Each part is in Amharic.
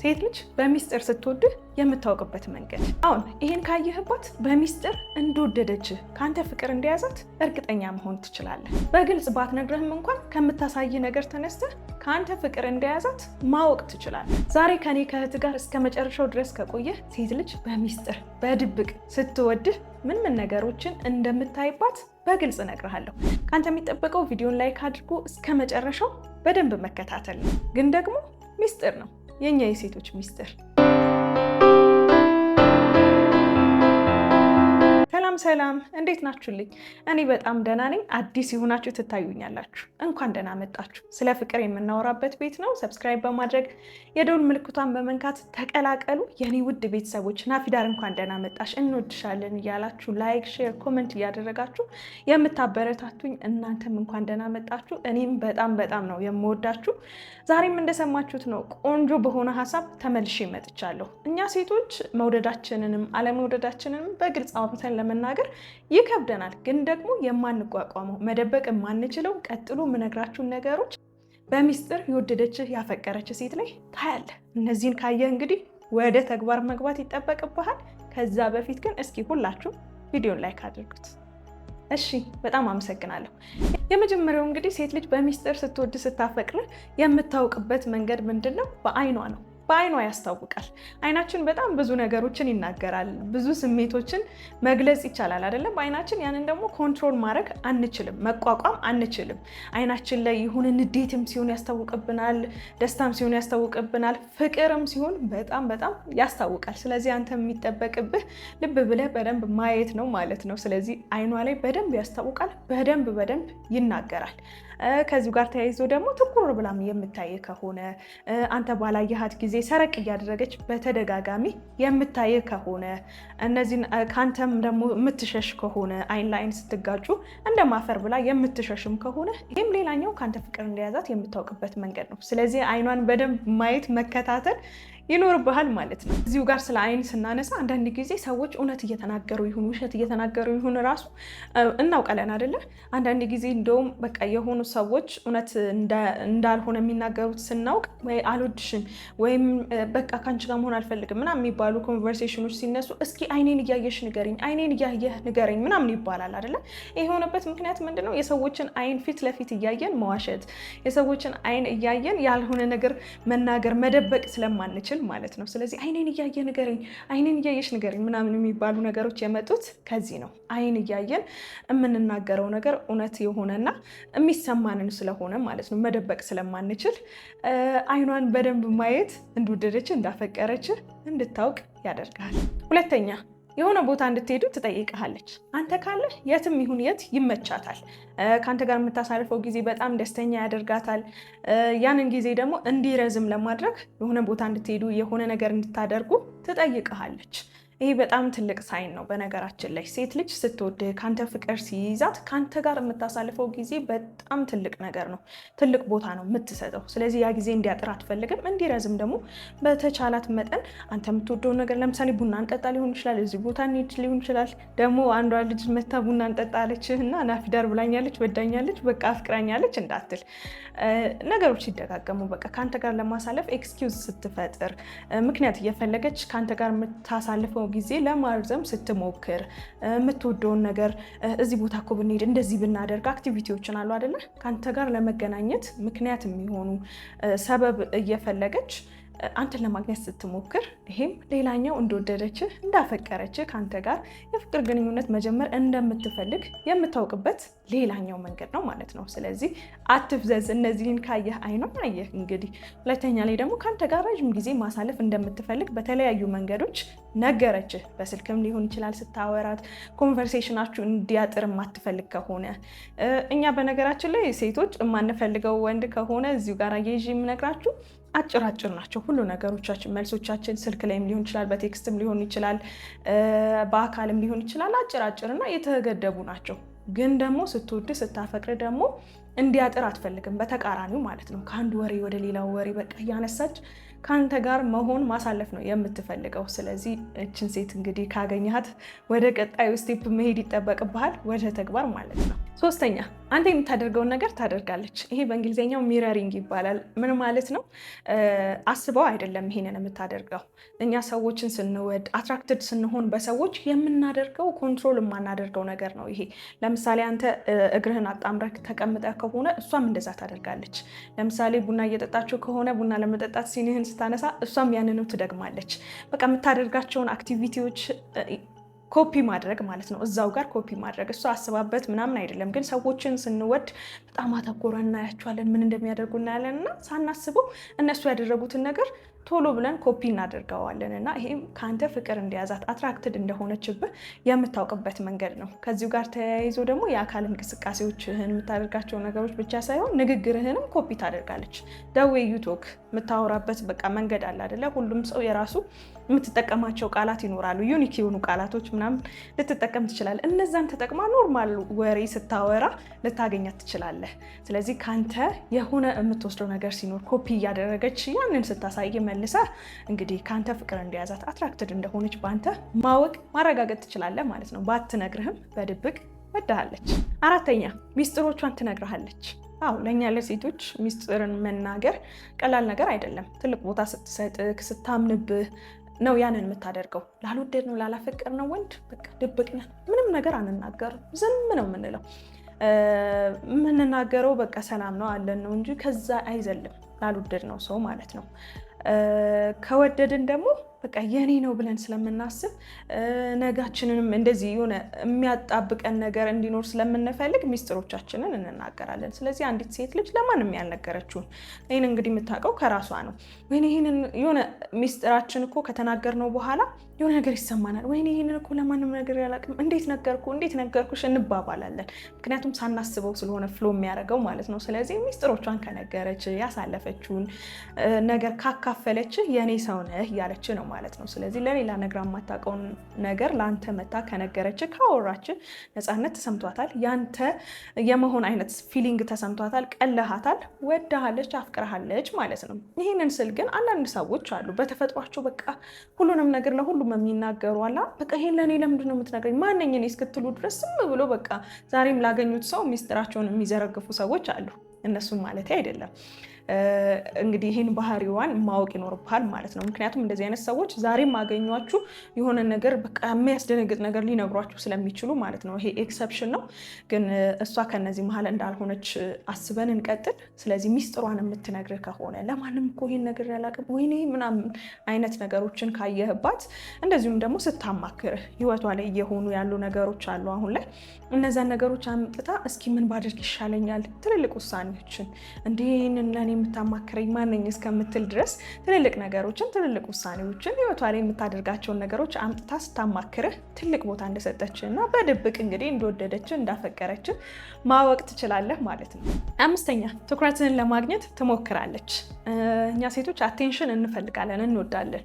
ሴት ልጅ በሚስጥር ስትወድህ የምታውቅበት መንገድ። አሁን ይህን ካየህባት በሚስጥር እንደወደደችህ ከአንተ ፍቅር እንደያዛት እርግጠኛ መሆን ትችላለህ። በግልጽ ባትነግረህም እንኳን ከምታሳይ ነገር ተነስተህ ከአንተ ፍቅር እንደያዛት ማወቅ ትችላለህ። ዛሬ ከኔ ከእህት ጋር እስከ መጨረሻው ድረስ ከቆየህ ሴት ልጅ በሚስጥር በድብቅ ስትወድህ ምን ምን ነገሮችን እንደምታይባት በግልጽ እነግርሃለሁ። ከአንተ የሚጠበቀው ቪዲዮን ላይክ አድርጎ እስከ መጨረሻው በደንብ መከታተል ነው። ግን ደግሞ ሚስጥር ነው የእኛ የሴቶች ሚስጥር ሰላም ሰላም፣ እንዴት ናችሁልኝ? እኔ በጣም ደህና ነኝ። አዲስ የሆናችሁ ትታዩኛላችሁ፣ እንኳን ደህና መጣችሁ። ስለ ፍቅር የምናወራበት ቤት ነው። ሰብስክራይብ በማድረግ የደውል ምልክቷን በመንካት ተቀላቀሉ። የኔ ውድ ቤተሰቦች ናፊዳር እንኳን ደህና መጣሽ፣ እንወድሻለን እያላችሁ ላይክ፣ ሼር፣ ኮመንት እያደረጋችሁ የምታበረታቱኝ እናንተም እንኳን ደህና መጣችሁ። እኔም በጣም በጣም ነው የምወዳችሁ። ዛሬም እንደሰማችሁት ነው ቆንጆ በሆነ ሀሳብ ተመልሼ መጥቻለሁ። እኛ ሴቶች መውደዳችንንም አለመውደዳችንንም በግልጽ አውጥተን ለመና ለመናገር ይከብደናል። ግን ደግሞ የማንቋቋመው መደበቅ የማንችለው ቀጥሎ የምነግራችሁን ነገሮች በሚስጥር የወደደች ያፈቀረች ሴት ላይ ታያለህ። እነዚህን ካየህ እንግዲህ ወደ ተግባር መግባት ይጠበቅብሃል። ከዛ በፊት ግን እስኪ ሁላችሁ ቪዲዮን ላይክ አድርጉት። እሺ፣ በጣም አመሰግናለሁ። የመጀመሪያው እንግዲህ ሴት ልጅ በሚስጥር ስትወድ ስታፈቅር የምታውቅበት መንገድ ምንድን ነው? በአይኗ ነው በአይኗ ያስታውቃል። አይናችን በጣም ብዙ ነገሮችን ይናገራል፣ ብዙ ስሜቶችን መግለጽ ይቻላል አይደለም? አይናችን ያንን ደግሞ ኮንትሮል ማድረግ አንችልም፣ መቋቋም አንችልም። አይናችን ላይ የሆነ ንዴትም ሲሆን ያስታውቅብናል፣ ደስታም ሲሆን ያስታውቅብናል፣ ፍቅርም ሲሆን በጣም በጣም ያስታውቃል። ስለዚህ አንተ የሚጠበቅብህ ልብ ብለህ በደንብ ማየት ነው ማለት ነው። ስለዚህ አይኗ ላይ በደንብ ያስታውቃል፣ በደንብ በደንብ ይናገራል። ከዚሁ ጋር ተያይዞ ደግሞ ትኩር ብላም የምታይ ከሆነ አንተ ባላየሃት ጊዜ ሰረቅ እያደረገች በተደጋጋሚ የምታይ ከሆነ እነዚህን ከአንተም ደግሞ የምትሸሽ ከሆነ አይን ለአይን ስትጋጩ እንደማፈር ብላ የምትሸሽም ከሆነ ይህም ሌላኛው ከአንተ ፍቅር እንደያዛት የምታውቅበት መንገድ ነው። ስለዚህ አይኗን በደንብ ማየት መከታተል ይኖርብሃል ማለት ነው። እዚሁ ጋር ስለ አይን ስናነሳ አንዳንድ ጊዜ ሰዎች እውነት እየተናገሩ ይሁን ውሸት እየተናገሩ ይሁን ራሱ እናውቃለን አይደለ? አንዳንድ ጊዜ እንደውም በቃ የሆኑ ሰዎች እውነት እንዳልሆነ የሚናገሩት ስናውቅ አልወድሽም ወይም በቃ ከአንቺ ጋር መሆን አልፈልግም ምናምን የሚባሉ ኮንቨርሴሽኖች ሲነሱ እስኪ አይኔን እያየሽ ንገርኝ፣ አይኔን እያየህ ንገርኝ ምናምን ይባላል አይደለ? ይህ የሆነበት ምክንያት ምንድነው? የሰዎችን አይን ፊት ለፊት እያየን መዋሸት፣ የሰዎችን አይን እያየን ያልሆነ ነገር መናገር መደበቅ ስለማንችል ስንችል ማለት ነው። ስለዚህ አይኔን እያየ ንገረኝ፣ አይኔን እያየሽ ንገረኝ ምናምን የሚባሉ ነገሮች የመጡት ከዚህ ነው። አይን እያየን የምንናገረው ነገር እውነት የሆነና የሚሰማንን ስለሆነ ማለት ነው። መደበቅ ስለማንችል አይኗን በደንብ ማየት እንደወደደች እንዳፈቀረች እንድታውቅ ያደርጋል። ሁለተኛ የሆነ ቦታ እንድትሄዱ ትጠይቀሃለች። አንተ ካለህ የትም ይሁን የት ይመቻታል። ከአንተ ጋር የምታሳልፈው ጊዜ በጣም ደስተኛ ያደርጋታል። ያንን ጊዜ ደግሞ እንዲረዝም ለማድረግ የሆነ ቦታ እንድትሄዱ፣ የሆነ ነገር እንድታደርጉ ትጠይቀሃለች። ይሄ በጣም ትልቅ ሳይን ነው። በነገራችን ላይ ሴት ልጅ ስትወድህ ከአንተ ፍቅር ሲይዛት ከአንተ ጋር የምታሳልፈው ጊዜ በጣም ትልቅ ነገር ነው፣ ትልቅ ቦታ ነው የምትሰጠው። ስለዚህ ያ ጊዜ እንዲያጥር አትፈልግም። እንዲረዝም ደግሞ በተቻላት መጠን አንተ የምትወደው ነገር ለምሳሌ ቡና እንጠጣ ሊሆን ይችላል፣ እዚህ ቦታ እንሂድ ሊሆን ይችላል። ደግሞ አንዷ ልጅ መታ ቡና እንጠጣ እና ናፊዳር ብላኛለች፣ ወዳኛለች፣ በቃ አፍቅራኛለች እንዳትል። ነገሮች ሲደጋገሙ በቃ ከአንተ ጋር ለማሳለፍ ኤክስኪውዝ ስትፈጥር ምክንያት እየፈለገች ከአንተ ጋር የምታሳልፈው ጊዜ ለማርዘም ስትሞክር የምትወደውን ነገር እዚህ ቦታ እኮ ብንሄድ እንደዚህ ብናደርግ አክቲቪቲዎችን አሉ አደለ ከአንተ ጋር ለመገናኘት ምክንያት የሚሆኑ ሰበብ እየፈለገች አንተን ለማግኘት ስትሞክር ይሄም ሌላኛው እንደወደደችህ እንዳፈቀረችህ ከአንተ ጋር የፍቅር ግንኙነት መጀመር እንደምትፈልግ የምታውቅበት ሌላኛው መንገድ ነው ማለት ነው። ስለዚህ አትፍዘዝ። እነዚህን ካየህ አይኗን አየህ። እንግዲህ ሁለተኛ ላይ ደግሞ ከአንተ ጋር ረዥም ጊዜ ማሳለፍ እንደምትፈልግ በተለያዩ መንገዶች ነገረችህ። በስልክም ሊሆን ይችላል ስታወራት። ኮንቨርሴሽናችሁ እንዲያጥር የማትፈልግ ከሆነ እኛ በነገራችን ላይ ሴቶች የማንፈልገው ወንድ ከሆነ እዚሁ ጋር አያይዤ የምነግራችሁ አጭር አጭር ናቸው ሁሉ ነገሮቻችን መልሶቻችን ስልክ ላይም ሊሆን ይችላል፣ በቴክስትም ሊሆን ይችላል፣ በአካልም ሊሆን ይችላል። አጭር አጭር እና የተገደቡ ናቸው። ግን ደግሞ ስትወድ ስታፈቅር ደግሞ እንዲያጥር አትፈልግም። በተቃራኒው ማለት ነው። ከአንድ ወሬ ወደ ሌላው ወሬ በቃ እያነሳች ከአንተ ጋር መሆን ማሳለፍ ነው የምትፈልገው። ስለዚህ እችን ሴት እንግዲህ ካገኘሃት ወደ ቀጣዩ ስቴፕ መሄድ ይጠበቅብሃል፣ ወደ ተግባር ማለት ነው። ሶስተኛ አንተ የምታደርገውን ነገር ታደርጋለች። ይሄ በእንግሊዝኛው ሚረሪንግ ይባላል። ምን ማለት ነው? አስበው አይደለም ይሄንን የምታደርገው። እኛ ሰዎችን ስንወድ አትራክትድ ስንሆን በሰዎች የምናደርገው ኮንትሮል የማናደርገው ነገር ነው ይሄ። ለምሳሌ አንተ እግርህን አጣምረህ ተቀምጠህ ከሆነ እሷም እንደዛ ታደርጋለች። ለምሳሌ ቡና እየጠጣችሁ ከሆነ ቡና ለመጠጣት ሲኒህን ስታነሳ እሷም ያንኑ ትደግማለች። በቃ የምታደርጋቸውን አክቲቪቲዎች ኮፒ ማድረግ ማለት ነው። እዛው ጋር ኮፒ ማድረግ እሱ አስባበት ምናምን አይደለም። ግን ሰዎችን ስንወድ በጣም አተኮረ እናያቸዋለን፣ ምን እንደሚያደርጉ እናያለን እና ሳናስበው እነሱ ያደረጉትን ነገር ቶሎ ብለን ኮፒ እናደርገዋለን እና ይሄም ከአንተ ፍቅር እንደያዛት አትራክትድ እንደሆነችብህ የምታውቅበት መንገድ ነው። ከዚሁ ጋር ተያይዞ ደግሞ የአካል እንቅስቃሴዎችህን የምታደርጋቸው ነገሮች ብቻ ሳይሆን ንግግርህንም ኮፒ ታደርጋለች። ደዌ ዩቶክ የምታወራበት በቃ መንገድ አለ አደለ? ሁሉም ሰው የራሱ የምትጠቀማቸው ቃላት ይኖራሉ። ዩኒክ የሆኑ ቃላቶች ምናምን ልትጠቀም ትችላለህ። እነዛን ተጠቅማ ኖርማል ወሬ ስታወራ ልታገኛት ትችላለህ። ስለዚህ ካንተ የሆነ የምትወስደው ነገር ሲኖር ኮፒ እያደረገች ያንን ስታሳይ መልሰ እንግዲህ ካንተ ፍቅር እንደያዛት አትራክትድ እንደሆነች በአንተ ማወቅ ማረጋገጥ ትችላለህ ማለት ነው። ባትነግርህም በድብቅ ወዳሃለች። አራተኛ ሚስጥሮቿን ትነግርሃለች። አው ለእኛ ለሴቶች ሚስጥርን መናገር ቀላል ነገር አይደለም። ትልቅ ቦታ ስትሰጥህ ስታምንብህ ነው ያንን የምታደርገው። ላልወደድ ነው ላላፈቀር ነው ወንድ በቃ ድብቅ ነን፣ ምንም ነገር አንናገርም፣ ዝም ነው የምንለው። የምንናገረው በቃ ሰላም ነው አለን ነው እንጂ ከዛ አይዘልም። ላልወደድ ነው ሰው ማለት ነው። ከወደድን ደግሞ በቃ የኔ ነው ብለን ስለምናስብ ነጋችንንም እንደዚህ የሆነ የሚያጣብቀን ነገር እንዲኖር ስለምንፈልግ ሚስጥሮቻችንን እንናገራለን። ስለዚህ አንዲት ሴት ልጅ ለማንም ያልነገረችውን ይህን እንግዲህ የምታውቀው ከራሷ ነው። ወይ ይህንን የሆነ ሚስጥራችን እኮ ከተናገርነው በኋላ የሆነ ነገር ይሰማናል። ወይ ይህንን እኮ ለማንም ነገር ያላቅም፣ እንዴት ነገርኩ፣ እንዴት ነገርኩሽ እንባባላለን። ምክንያቱም ሳናስበው ስለሆነ ፍሎ የሚያደርገው ማለት ነው። ስለዚህ ሚስጥሮቿን ከነገረች ያሳለፈችውን ነገር ካካፈለች የኔ ሰው ነህ እያለች ነው ማለት ነው። ስለዚህ ለሌላ ነግራ የማታውቀውን ነገር ለአንተ መታ ከነገረች ካወራች ነፃነት ተሰምቷታል። ያንተ የመሆን አይነት ፊሊንግ ተሰምቷታል። ቀለሃታል፣ ወዳሃለች፣ አፍቅረሃለች ማለት ነው። ይህንን ስል ግን አንዳንድ ሰዎች አሉ በተፈጥሯቸው በቃ ሁሉንም ነገር ለሁሉም የሚናገሩ አላ በቃ ይሄን ለእኔ ለምንድን ነው የምትነግረኝ ማነኝ እኔ እስክትሉ ድረስ ዝም ብሎ በቃ ዛሬም ላገኙት ሰው ሚስጥራቸውን የሚዘረግፉ ሰዎች አሉ። እነሱም ማለት አይደለም እንግዲህ ይህን ባህሪዋን ማወቅ ይኖርብሃል ማለት ነው። ምክንያቱም እንደዚህ አይነት ሰዎች ዛሬም አገኟችሁ የሆነ ነገር በቃ የሚያስደነግጥ ነገር ሊነግሯችሁ ስለሚችሉ ማለት ነው። ይሄ ኤክሰፕሽን ነው፣ ግን እሷ ከነዚህ መሀል እንዳልሆነች አስበን እንቀጥል። ስለዚህ ሚስጥሯን የምትነግር ከሆነ ለማንም እኮ ይህን ነገር ያላቅም ወይኔ ምናምን አይነት ነገሮችን ካየህባት፣ እንደዚሁም ደግሞ ስታማክርህ ህይወቷ ላይ እየሆኑ ያሉ ነገሮች አሉ አሁን ላይ እነዛን ነገሮች አምጥታ እስኪ ምን ባደርግ ይሻለኛል ትልልቅ ውሳኔዎችን እንዲህን የምታማክረኝ ማነኝ እስከምትል ድረስ ትልልቅ ነገሮችን ትልልቅ ውሳኔዎችን ህይወቷ ላይ የምታደርጋቸውን ነገሮች አምጥታ ስታማክርህ ትልቅ ቦታ እንደሰጠች እና በድብቅ እንግዲህ እንደወደደች እንዳፈቀረች ማወቅ ትችላለህ ማለት ነው። አምስተኛ ትኩረትን ለማግኘት ትሞክራለች። እኛ ሴቶች አቴንሽን እንፈልጋለን፣ እንወዳለን።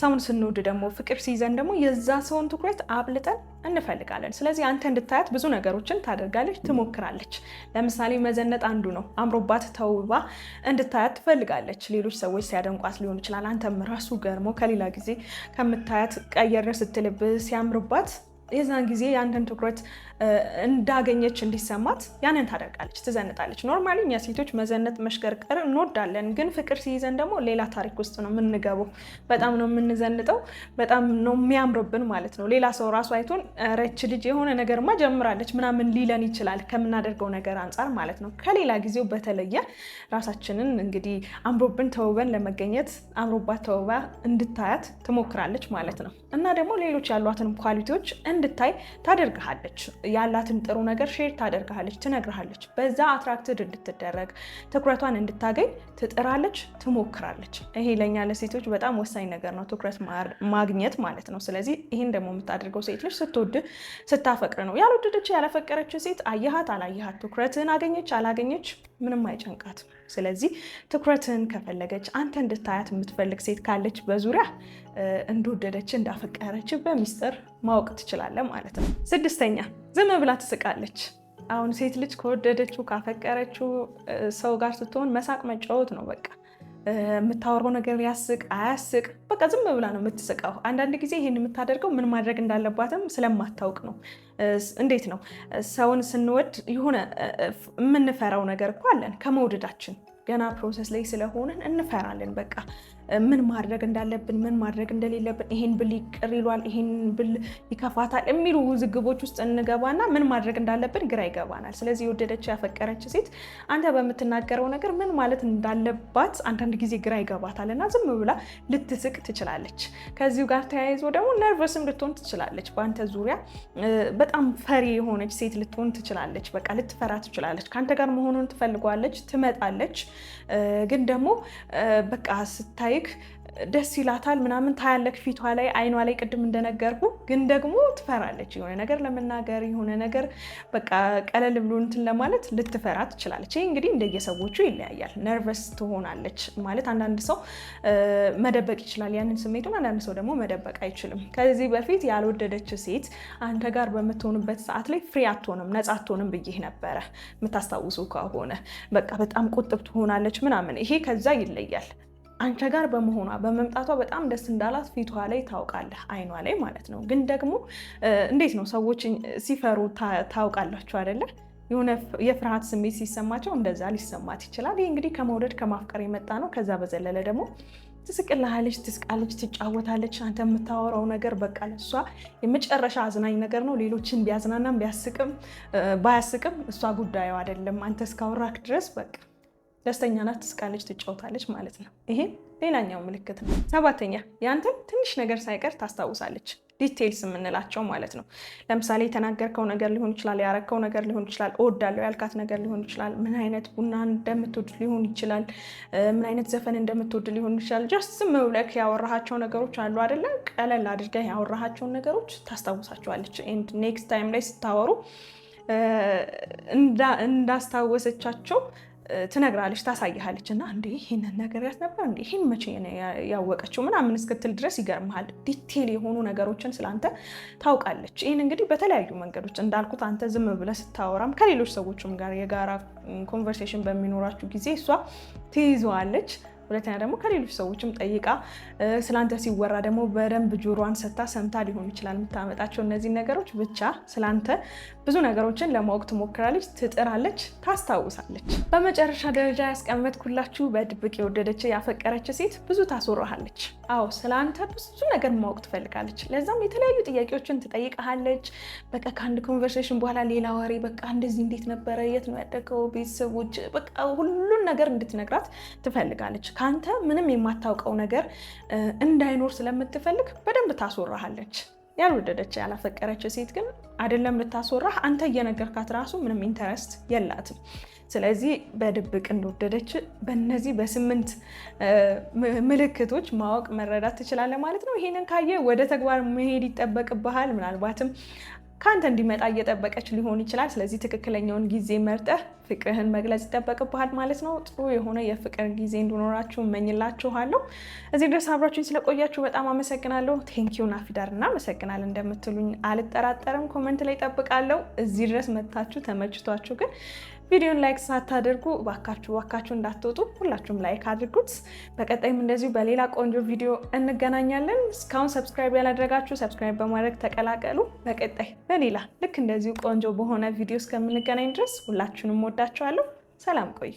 ሰውን ስንወድ ደግሞ ፍቅር ሲይዘን ደግሞ የዛ ሰውን ትኩረት አብልጠን እንፈልጋለን። ስለዚህ አንተ እንድታያት ብዙ ነገሮችን ታደርጋለች፣ ትሞክራለች። ለምሳሌ መዘነጥ አንዱ ነው። አምሮባት ተውባ እንድታያት ትፈልጋለች። ሌሎች ሰዎች ሲያደንቋት ሊሆን ይችላል። አንተም ራሱ ገርሞ ከሌላ ጊዜ ከምታያት ቀየር ስትልብ ሲያምርባት የዛን ጊዜ የአንድን ትኩረት እንዳገኘች እንዲሰማት ያንን ታደርጋለች፣ ትዘንጣለች። ኖርማሊ እኛ ሴቶች መዘነጥ፣ መሽከርከር እንወዳለን፣ ግን ፍቅር ሲይዘን ደግሞ ሌላ ታሪክ ውስጥ ነው የምንገበው በጣም ነው የምንዘንጠው፣ በጣም ነው የሚያምርብን ማለት ነው። ሌላ ሰው ራሱ አይቶን ረች ልጅ የሆነ ነገርማ ጀምራለች ምናምን ሊለን ይችላል፣ ከምናደርገው ነገር አንጻር ማለት ነው። ከሌላ ጊዜው በተለየ ራሳችንን እንግዲህ አምሮብን ተውበን ለመገኘት አምሮባት ተውባ እንድታያት ትሞክራለች ማለት ነው። እና ደግሞ ሌሎች ያሏትን ኳሊቲዎች እንድታይ ታደርግሃለች። ያላትን ጥሩ ነገር ሼር ታደርግሃለች፣ ትነግርሃለች። በዛ አትራክትድ እንድትደረግ ትኩረቷን እንድታገኝ ትጥራለች፣ ትሞክራለች። ይሄ ለእኛ ለሴቶች በጣም ወሳኝ ነገር ነው፣ ትኩረት ማግኘት ማለት ነው። ስለዚህ ይህን ደግሞ የምታደርገው ሴት ልጅ ስትወድ ስታፈቅር ነው። ያልወደደች ያላፈቀረች ሴት አየሃት አላየሃት፣ ትኩረትን አገኘች አላገኘች ምንም ነው ስለዚህ ትኩረትን ከፈለገች አንተ እንድታያት የምትፈልግ ሴት ካለች በዙሪያ እንደወደደች እንዳፈቀረች በሚስጥር ማወቅ ትችላለህ ማለት ነው። ስድስተኛ ዝም ብላ ትስቃለች። አሁን ሴት ልጅ ከወደደችው ካፈቀረችው ሰው ጋር ስትሆን መሳቅ መጫወት ነው በቃ የምታወራው ነገር ያስቅ አያስቅ፣ በቃ ዝም ብላ ነው የምትስቀው። አንዳንድ ጊዜ ይህን የምታደርገው ምን ማድረግ እንዳለባትም ስለማታውቅ ነው። እንዴት ነው ሰውን ስንወድ የሆነ የምንፈራው ነገር እኮ አለን ከመውደዳችን ገና ፕሮሰስ ላይ ስለሆነን እንፈራለን። በቃ ምን ማድረግ እንዳለብን ምን ማድረግ እንደሌለብን፣ ይሄን ብል ይቅር ይሏል፣ ይሄን ብል ይከፋታል የሚሉ ውዝግቦች ውስጥ እንገባና ምን ማድረግ እንዳለብን ግራ ይገባናል። ስለዚህ የወደደች ያፈቀረች ሴት አንተ በምትናገረው ነገር ምን ማለት እንዳለባት አንዳንድ ጊዜ ግራ ይገባታል እና ዝም ብላ ልትስቅ ትችላለች። ከዚሁ ጋር ተያይዞ ደግሞ ነርቨስም ልትሆን ትችላለች። በአንተ ዙሪያ በጣም ፈሪ የሆነች ሴት ልትሆን ትችላለች። በቃ ልትፈራ ትችላለች። ከአንተ ጋር መሆኑን ትፈልጓለች፣ ትመጣለች። ግን ደግሞ በቃ ስታይ ስታይክ ደስ ይላታል ምናምን ታያለክ ፊቷ ላይ አይኗ ላይ ቅድም እንደነገርኩ ግን ደግሞ ትፈራለች። የሆነ ነገር ለመናገር የሆነ ነገር በቃ ቀለል ብሎ እንትን ለማለት ልትፈራ ትችላለች። ይህ እንግዲህ እንደየሰዎቹ ይለያያል። ነርቨስ ትሆናለች ማለት አንዳንድ ሰው መደበቅ ይችላል ያንን ስሜቱን፣ አንዳንድ ሰው ደግሞ መደበቅ አይችልም። ከዚህ በፊት ያልወደደች ሴት አንተ ጋር በምትሆንበት ሰዓት ላይ ፍሪ አትሆንም፣ ነጻ አትሆንም ብዬ ነበረ የምታስታውሱ ከሆነ በቃ በጣም ቁጥብ ትሆናለች ምናምን። ይሄ ከዛ ይለያል። አንተ ጋር በመሆኗ በመምጣቷ በጣም ደስ እንዳላት ፊቷ ላይ ታውቃለህ፣ አይኗ ላይ ማለት ነው። ግን ደግሞ እንዴት ነው ሰዎች ሲፈሩ ታውቃላችሁ አይደለ? የሆነ የፍርሃት ስሜት ሲሰማቸው እንደዛ ሊሰማት ይችላል። ይህ እንግዲህ ከመውደድ ከማፍቀር የመጣ ነው። ከዛ በዘለለ ደግሞ ትስቅልሃለች፣ ትስቃለች፣ ትጫወታለች። አንተ የምታወራው ነገር በቃ ለእሷ የመጨረሻ አዝናኝ ነገር ነው። ሌሎችን ቢያዝናናም ቢያስቅም ባያስቅም እሷ ጉዳዩ አይደለም። አንተ እስካወራክ ድረስ በቃ ደስተኛ ናት፣ ትስቃለች፣ ትጫወታለች ማለት ነው። ይሄ ሌላኛው ምልክት ነው። ሰባተኛ ያንተን ትንሽ ነገር ሳይቀር ታስታውሳለች። ዲቴይልስ የምንላቸው ማለት ነው። ለምሳሌ የተናገርከው ነገር ሊሆን ይችላል፣ ያረከው ነገር ሊሆን ይችላል፣ እወዳለሁ ያልካት ነገር ሊሆን ይችላል፣ ምን አይነት ቡና እንደምትወድ ሊሆን ይችላል፣ ምን አይነት ዘፈን እንደምትወድ ሊሆን ይችላል። ጀስት ዝም ብለህ ያወራሃቸው ነገሮች አሉ አይደለ? ቀለል አድርገህ ያወራሃቸውን ነገሮች ታስታውሳቸዋለች። ኤንድ ኔክስት ታይም ላይ ስታወሩ እንዳስታወሰቻቸው ትነግራለች፣ ታሳይሃለች። እና እንዴ ይህንን ነገርያት ነበር እንዴ ይህን መቼ ያወቀችው ምናምን እስክትል ድረስ ይገርምሃል። ዲቴል የሆኑ ነገሮችን ስለአንተ ታውቃለች። ይህን እንግዲህ በተለያዩ መንገዶች እንዳልኩት አንተ ዝም ብለህ ስታወራም ከሌሎች ሰዎችም ጋር የጋራ ኮንቨርሴሽን በሚኖራችሁ ጊዜ እሷ ትይዘዋለች። ሁለተኛ ደግሞ ከሌሎች ሰዎችም ጠይቃ ስለአንተ ሲወራ ደግሞ በደንብ ጆሮን ሰታ ሰምታ ሊሆን ይችላል የምታመጣቸው እነዚህ ነገሮች። ብቻ ስለአንተ ብዙ ነገሮችን ለማወቅ ትሞክራለች፣ ትጥራለች፣ ታስታውሳለች። በመጨረሻ ደረጃ ያስቀመጥኩላችሁ በድብቅ የወደደች ያፈቀረች ሴት ብዙ ታስወራሃለች። አዎ ስለ አንተ ብዙ ነገር ማወቅ ትፈልጋለች። ለዛም የተለያዩ ጥያቄዎችን ትጠይቀሃለች። በቃ ከአንድ ኮንቨርሴሽን በኋላ ሌላ ወሬ፣ በቃ እንደዚህ እንዴት ነበረ፣ የት ነው ያደገው፣ ቤተሰቦች፣ በቃ ሁሉን ነገር እንድትነግራት ትፈልጋለች። ከአንተ ምንም የማታውቀው ነገር እንዳይኖር ስለምትፈልግ በደንብ ታስወራሃለች። ያልወደደች ያላፈቀረች ሴት ግን አይደለም ልታስወራህ፣ አንተ እየነገርካት ራሱ ምንም ኢንተረስት የላትም። ስለዚህ በድብቅ እንደወደደች በነዚህ በስምንት ምልክቶች ማወቅ መረዳት ትችላለህ ማለት ነው። ይሄንን ካየ ወደ ተግባር መሄድ ይጠበቅብሃል። ምናልባትም ከአንተ እንዲመጣ እየጠበቀች ሊሆን ይችላል። ስለዚህ ትክክለኛውን ጊዜ መርጠህ ፍቅርህን መግለጽ ይጠበቅብሃል ማለት ነው። ጥሩ የሆነ የፍቅር ጊዜ እንዲኖራችሁ እመኝላችኋለሁ። እዚህ ድረስ አብራችሁኝ ስለቆያችሁ በጣም አመሰግናለሁ። ቴንኪዩ ናፊዳር፣ እናመሰግናለን እንደምትሉኝ አልጠራጠርም። ኮመንት ላይ ጠብቃለሁ። እዚህ ድረስ መታችሁ ተመችቷችሁ ግን ቪዲዮን ላይክ ሳታደርጉ ባካችሁ ባካችሁ እንዳትወጡ፣ ሁላችሁም ላይክ አድርጉት። በቀጣይም እንደዚሁ በሌላ ቆንጆ ቪዲዮ እንገናኛለን። እስካሁን ሰብስክራይብ ያላደረጋችሁ ሰብስክራይብ በማድረግ ተቀላቀሉ። በቀጣይ በሌላ ልክ እንደዚሁ ቆንጆ በሆነ ቪዲዮ እስከምንገናኝ ድረስ ሁላችሁንም ወዳችኋለሁ። ሰላም ቆዩ።